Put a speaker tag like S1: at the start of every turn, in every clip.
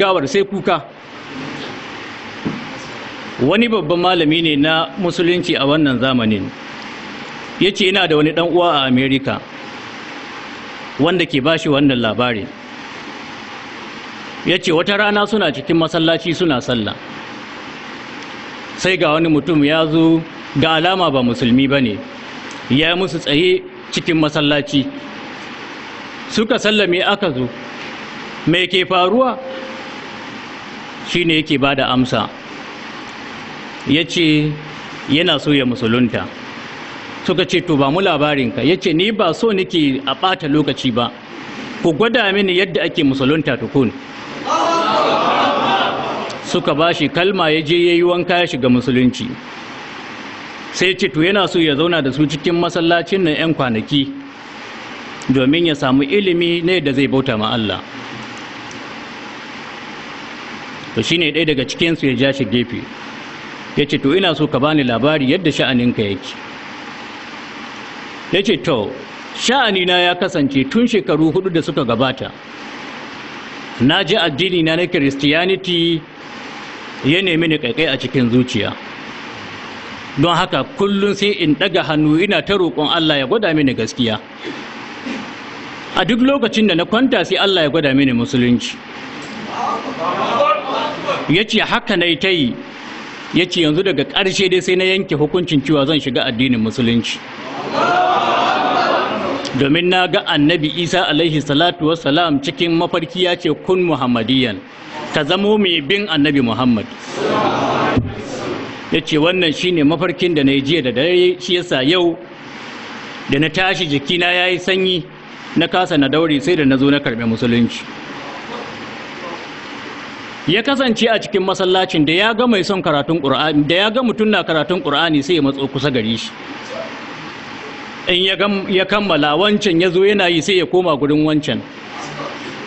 S1: gawar sai kuka wani babban malami ne na musulunci a wannan zamanin ya ce ina da wani uwa a amerika wanda ke bashi wannan labarin ya ce wata rana suna cikin masallaci suna sallah sai ga wani mutum ya zo ga alama ba musulmi ba ne ya yi musu tsaye cikin masallaci suka sallame aka zo mai ke faruwa Shi ne yake ba da amsa ya ce yana so ya musulunta suka ce to ba mu labarinka ya ce ni ba so nake a ɓata lokaci ba ku gwada mini yadda ake musulunta tukun suka ba shi kalma ya je ya yi wanka ya shiga musulunci sai ce to yana so ya zauna da su cikin masallacin na 'yan kwanaki domin ya samu ilimi ne da zai bauta ma Allah. to shine ɗaya daga cikinsu ya ja shi gefe ya ce to ina so ka bani labari yadda sha'aninka yake ya ce to sha'anina ya kasance tun shekaru hudu da suka gabata na ji addini na na christianity ya nemi ni kaikai a cikin zuciya don haka kullum sai in ɗaga hannu ina ta roƙon allah ya gwada mini gaskiya a duk lokacin da na kwanta sai allah ya gwada mini musulunci ya ce haka na ta yi ya ce yanzu daga ƙarshe dai sai na yanke hukuncin cewa zan shiga addinin musulunci domin na ga annabi isa alaihi salatu salam cikin mafarki ya ce kun muhammadiyan ka zamo mai bin annabi muhammad ya ce wannan shine mafarkin da na yi jiya da dare shi yasa yau da na tashi jikina ya yi sanyi na kasa na daure sai da na zo na karɓi musulunci ya kasance a cikin masallacin da ya ga mai son karatun ƙur'ani da ya ga mutum na karatun Kur'ani sai ya matso kusa gare shi in ya kammala wancan ya zo yana yi sai ya koma gurin wancan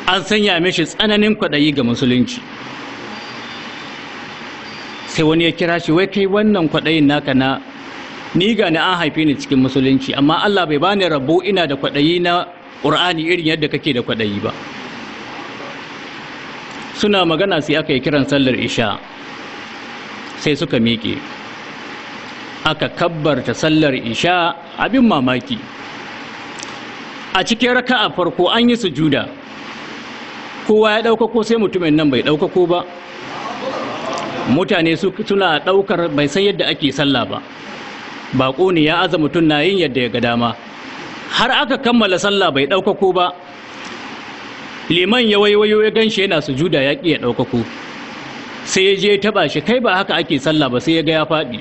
S1: an sanya mishi tsananin kwaɗayi ga musulunci sai wani ya kira shi wai kai wannan kwaɗayin naka na ni ga ni an haife ni cikin musulunci amma Allah bai bani rabo ina da kwaɗayi na ƙur'ani irin yadda kake da kwaɗayi ba suna magana sai aka yi kiran sallar isha sai suka miƙe aka kabbarta sallar isha abin mamaki a cikin raka a farko an yi sujuda kowa ya ɗaukako sai mutumin nan bai ɗaukako ba mutane suna ɗaukar bai san yadda ake sallah ba baƙo ne ya aza mutum na yin yadda ya ga dama har aka kammala sallah bai ɗaukako ba liman ya waiwayo ya ganshi yana sujuda ya ƙi ya ɗaukako sai ya je ya taɓa shi kai ba haka ake sallah ba sai ya ga ya faɗi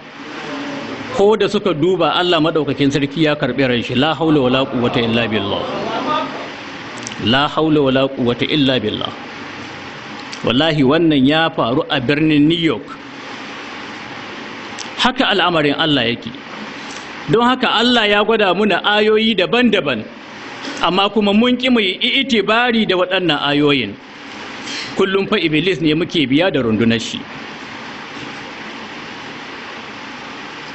S1: ko da suka duba Allah maɗaukakin sarki ya karɓi ran shi la haula wala quwwata illa billah la haula wala quwwata illa billah wallahi wannan ya faru a birnin New York haka al'amarin Allah yake don haka Allah ya gwada muna ayoyi daban-daban amma kuma mun ƙi mai itibari da waɗannan ayoyin kullum fa iblis ne muke biya da rundunar shi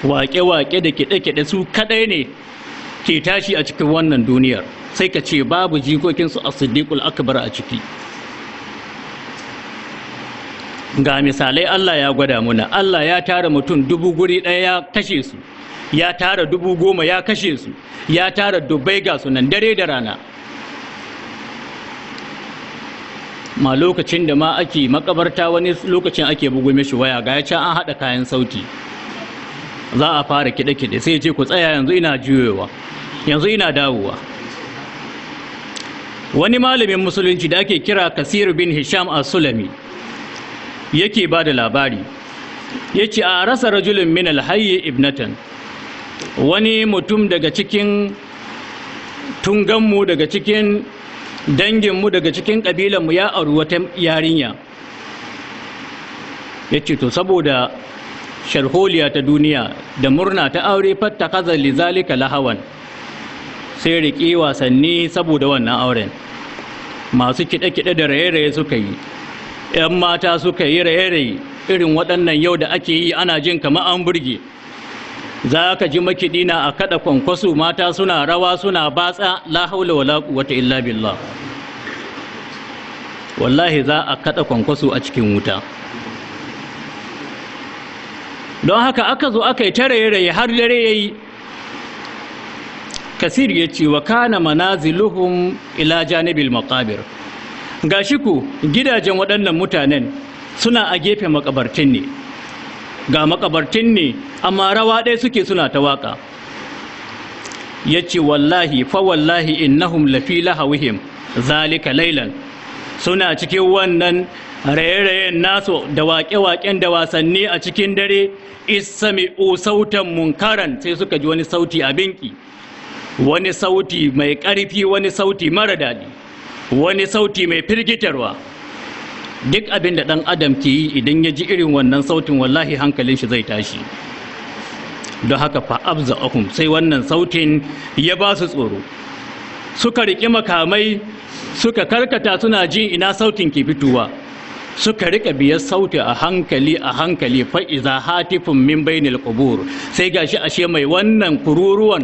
S1: waƙe-waƙe da kiɗe-kiɗe su kaɗai ne ke tashi a cikin wannan duniyar sai ka ce babu jikokinsu a siddiƙul akbar a ciki ga misalai Allah ya gwada muna Allah ya tara mutum dubu guri ɗaya ya kashe su ya tara dubu goma ya kashe su ya tara dubbai ga sunan dare da rana ma lokacin da ma ake makabarta wani lokacin ake bugu mishi waya ga ya can an haɗa kayan sauti za a fara kiɗe-kiɗe sai ce ku tsaya yanzu ina juyowa yanzu ina dawowa wani malamin musulunci da ake kira kasir bin hisham a sulami yake ba da labari ya ce a rasa rajulun min alhayi ibnatan wani mutum daga cikin tunganmu daga cikin danginmu daga cikin ƙabilanmu ya auri wata yarinya ya ce to saboda sharholiya ta duniya da murna ta aure fatta kaza lizalika lahawan sai riƙe wasanni saboda wannan auren masu kiɗe-kiɗe da raye-raye suka yi 'yan mata suka yi raye-raye irin waɗannan yau da ake yi ana jin kama an burge za ka ji makiɗi na a kaɗa kwankwaso mata suna rawa suna batsa la haula wala quwwata illa billah wallahi za a kaɗa kwankwaso a cikin wuta don haka aka zo aka yi ta raye har dare yayi kasir ya ce wa kana manaziluhum ila janibil maqabir gashi ku gidajen waɗannan mutanen suna a gefe makabartin ne ga makabartin ne amma rawa ɗaya suke suna ta waƙa ya ce wallahi fa wallahi innahum lafi lahawihim zalika lailan suna cikin wannan raye-rayen nasu da waƙe-waƙen da wasanni a cikin dare isami'u sautan munkaran sai suka ji wani sauti a binki wani sauti mai ƙarfi wani sauti mara daɗi wani sauti mai firgitarwa duk abin da ɗan adam ke yi idan ya ji irin wannan sautin wallahi hankalin shi zai tashi don haka fa'abza ahum sai wannan sautin ya ba su tsoro suka riƙi makamai suka karkata suna jin ina sautin ke fitowa suka riƙa biyar sauti a hankali a hankali fa'iza hatifin min bainil qubur sai gashi ashe mai wannan kururuwan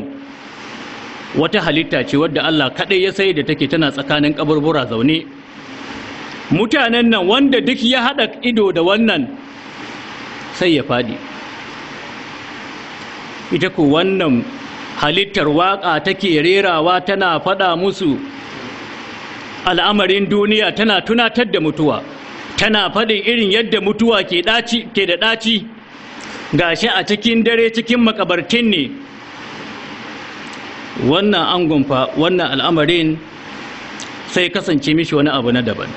S1: wata halitta ce wadda Allah kaɗai ya sai da take tana tsakanin kaburbura zaune mutanen nan wanda duk ya haɗa ido da wannan sai ya faɗi ita ku wannan halittar waƙa take rerawa tana faɗa musu al'amarin duniya tana tunatar da mutuwa tana faɗin irin yadda mutuwa ke da ɗaci gashi a cikin dare cikin makabartin ne wannan angon fa wannan al'amarin sai kasance mishi wani abu na daban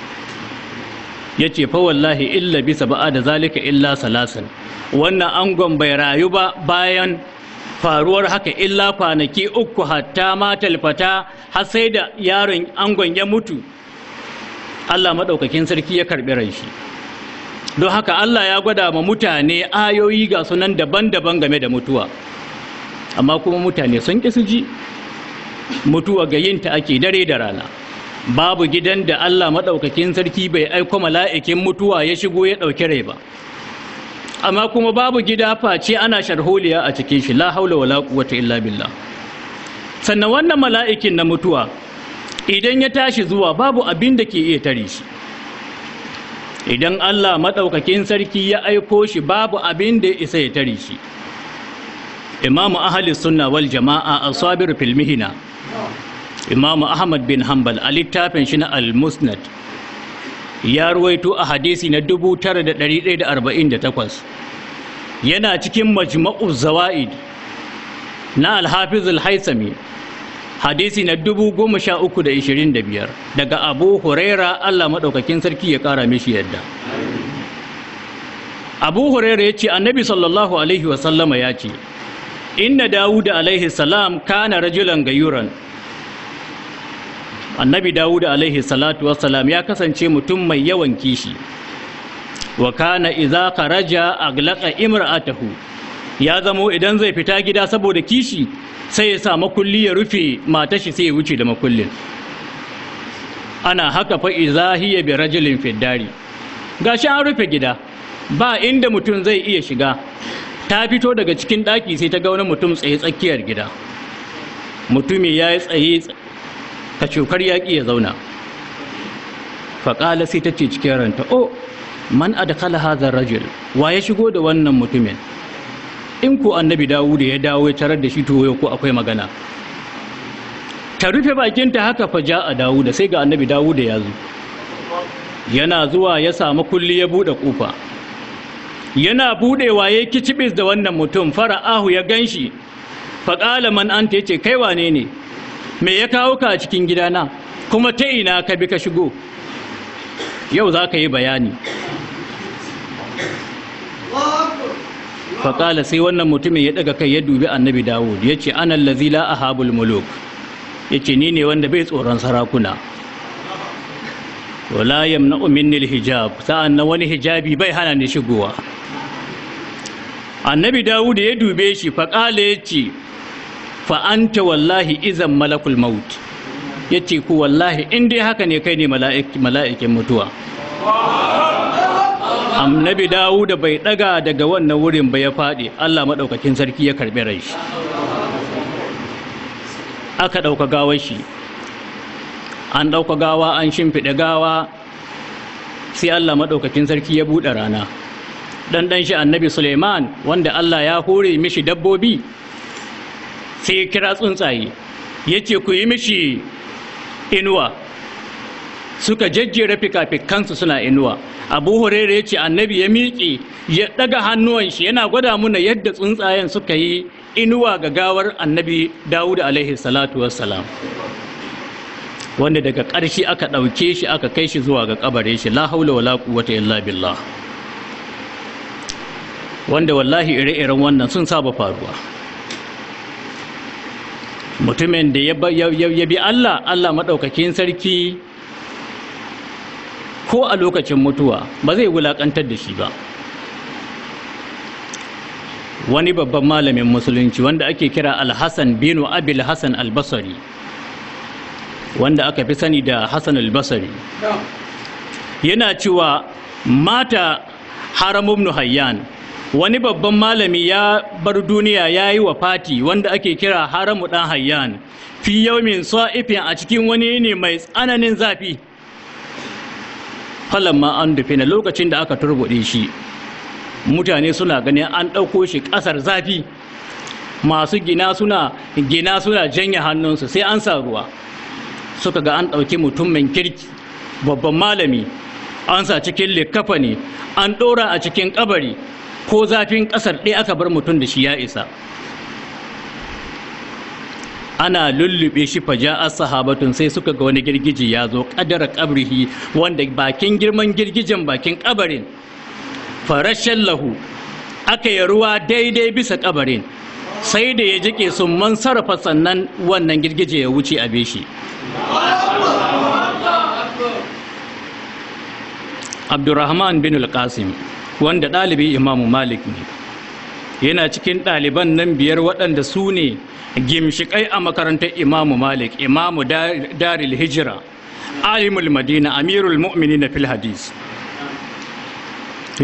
S1: ya ce fa wallahi illa bisa ba'a da zalika illa salasan wannan angon bai rayu ba bayan faruwar haka illa kwanaki uku hatta ma talfata har sai da yaron angon ya mutu Allah maɗaukakin sarki ya karɓi ran shi don haka Allah ya gwada ma mutane ayoyi ga sunan daban-daban game da mutuwa amma kuma mutane sun ƙi ji mutuwa ga yinta ake dare da rana babu gidan da Allah maɗaukakin sarki bai aiko mala'ikin mutuwa ya shigo ya ɗauki rai ba amma kuma babu gida face ana sharholiya a cikin shi la haula wala quwwata illa billah sannan wannan mala'ikin na mutuwa idan ya tashi zuwa babu abin da ke iya tare shi idan Allah maɗaukakin sarki ya aiko shi babu abin da isa ya tare shi imamu ahli sunna wal jama'a asabir fil mihna imamu ahmad bin hanbal a littafin shi na al-musnad ya ruwaito a hadisi na 9148 yana cikin majma'u zawa'id na al-hafiz al-haisami hadisi na 1325 daga abu huraira allah maɗaukakin sarki ya ƙara mishi yadda abu huraira ya ce annabi sallallahu alaihi wasallama ya ce inna dawuda alaihi salam kana rajulan gayuran annabi dawud alaihi salatu wassalam ya kasance mutum mai yawan kishi wa kana idza kharaja aglaqa imra'atahu ya zamo idan zai fita gida saboda kishi sai ya sa makulli ya rufe matar shi sai ya wuce da makullin ana haka fa idza hiya bi rajulin fiddari gashi an rufe gida ba inda mutum zai iya shiga ta fito daga cikin daki sai ta ga wani mutum tsaye tsakiyar gida mutumi ya yi tsaye ta cokar yaƙi ya zauna faƙala sai ta ce cikin ranta o oh, man adkhala hadha rajul wa ya shigo da wannan mutumin in ko annabi dawud ya dawo ya tarar da shi to ko akwai magana ta rufe bakin ta haka fa ja a dawuda sai ga annabi dawuda ya zo yana zuwa ya samu kulli ya buɗe ƙofa yana buɗewa ya kicibis da wannan mutum fara ahu ya ganshi faƙala man anta yace kai wane ne me ya kawo ka a cikin gidana kuma ta ina ka bi ka shigo yau za ka yi bayani faƙala sai wannan mutumin ya ɗaga kai ya dubi annabi dawud ya ce anan lazila a habul muluk ya ce ni ne wanda bai tsoron sarakuna wala yamna uminnil hijab sa'an na wani hijabi bai hana ni shigowa annabi dawud ya dube shi faƙala ya ce fa wallahi izan malakul maut ce ku wallahi in dai haka ne kai ne mala'ikin mutuwa Amnabi dawu da bai daga daga wannan wurin ba ya faɗi allah maɗaukakin sarki ya karɓi rai shi aka ɗauka gawar shi an ɗauka gawa an shimfiɗa gawa sai allah maɗaukakin sarki ya buɗe rana ɗanɗan shi annabi suleiman wanda allah ya hore mishi dabbobi sai kira tsuntsaye ya ce ku yi mishi inuwa suka jejjera fikafikansu suna inuwa abu hurairu ya ce annabi ya miƙe ya ɗaga hannuwan shi yana gwada muna yadda tsuntsayen suka yi inuwa ga gawar annabi dawud alaihi salatu wassalam wanda daga ƙarshe aka ɗauke shi aka kai shi zuwa ga ƙabare shi la haula wala quwwata illa billah wanda wallahi ire-iren wannan sun saba faruwa mutumin da ya bi Allah Allah maɗaukakin sarki ko a lokacin mutuwa ba zai wulaƙantar da shi ba wani babban malamin musulunci wanda ake kira alhassan binu abil hassan albasari wanda aka fi sani da hassan albasari yana cewa mata haramun hayyan wani babban malami ya bar duniya ya yi wa fati wanda ake kira haramu dan hayyan fi yaumin sa'ifin a cikin wani ne mai tsananin zafi ma an dufina lokacin da aka turbuɗe shi mutane suna ganin an ɗauko shi ƙasar zafi masu gina suna gina suna janye hannunsu sai an sa ruwa suka ga an ɗauki mutumin kirki babban malami an sa cikin likafa ne an ɗora a cikin ƙabari ko zafin ƙasar ɗaya aka bar mutum da shi ya isa ana lullube shi faja'ar sahabatun sai suka ga wani girgiji ya zo ƙadara ƙabrihi wanda bakin girman girgijen bakin ƙabarin farashen lahu aka yi ruwa daidai bisa ƙabarin sai da ya jike sun man sarrafa sannan wannan girgije ya wuce a beshi abdurrahman bin al-qasim wanda ɗalibi imamu malik ne yana cikin ɗaliban nan biyar waɗanda su ne gimshiƙai a makarantar imamu malik imamu daril hijira alimul madina amirul mu'mini na fil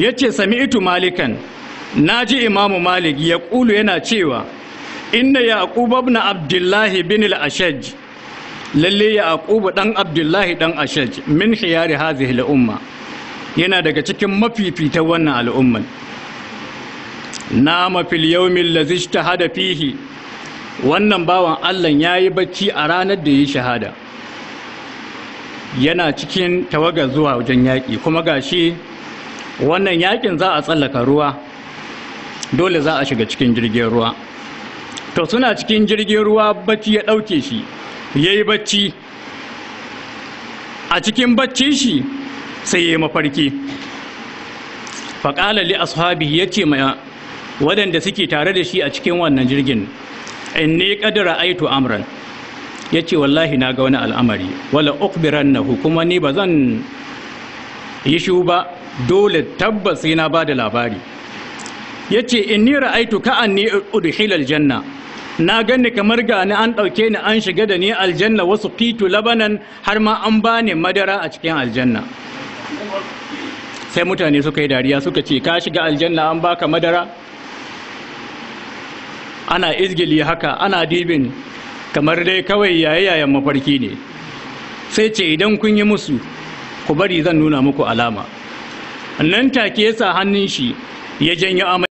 S1: ya ce itu malikan na ji imamu malik ya ƙulu yana cewa inna yaquba ibn abdullahi bin al-ashaj lalle yaquba ɗan abdullahi dan ashaj min hiyari hadhihi umma yana daga cikin mafifitan wannan al'umman nama fil lazish ta hada fihi wannan bawan Allah yi bacci a ranar da ya shahada yana cikin tawagar zuwa wajen yaƙi kuma gashi wannan yaƙin za a tsallaka ruwa dole za a shiga cikin jirgin ruwa to suna cikin jirgin ruwa bacci ya ɗauke shi ya yi bacci a cikin bacci shi sai ya mafarki faƙala li ashabi ya ce waɗanda suke tare da shi a cikin wannan jirgin in ne ƙadira aitu amran ya ce wallahi na ga wani al'amari wala ukbiran na hukuma ni ba zan yi shi ba dole tabbas sai na ba da labari ya ce in ni ra'aitu ka'an ni udhilal janna na gani kamar gani an ɗauke ni an shiga da ni aljanna wasu fitu labanan har ma an bani madara a cikin aljanna sai mutane suka yi dariya suka ce ka shiga aljanna an baka madara ana izgili haka ana dibin kamar dai kawai yayan mafarki ne sai ce idan kun yi musu ku bari zan nuna muku alama nan take yasa hannun shi ya janyo amai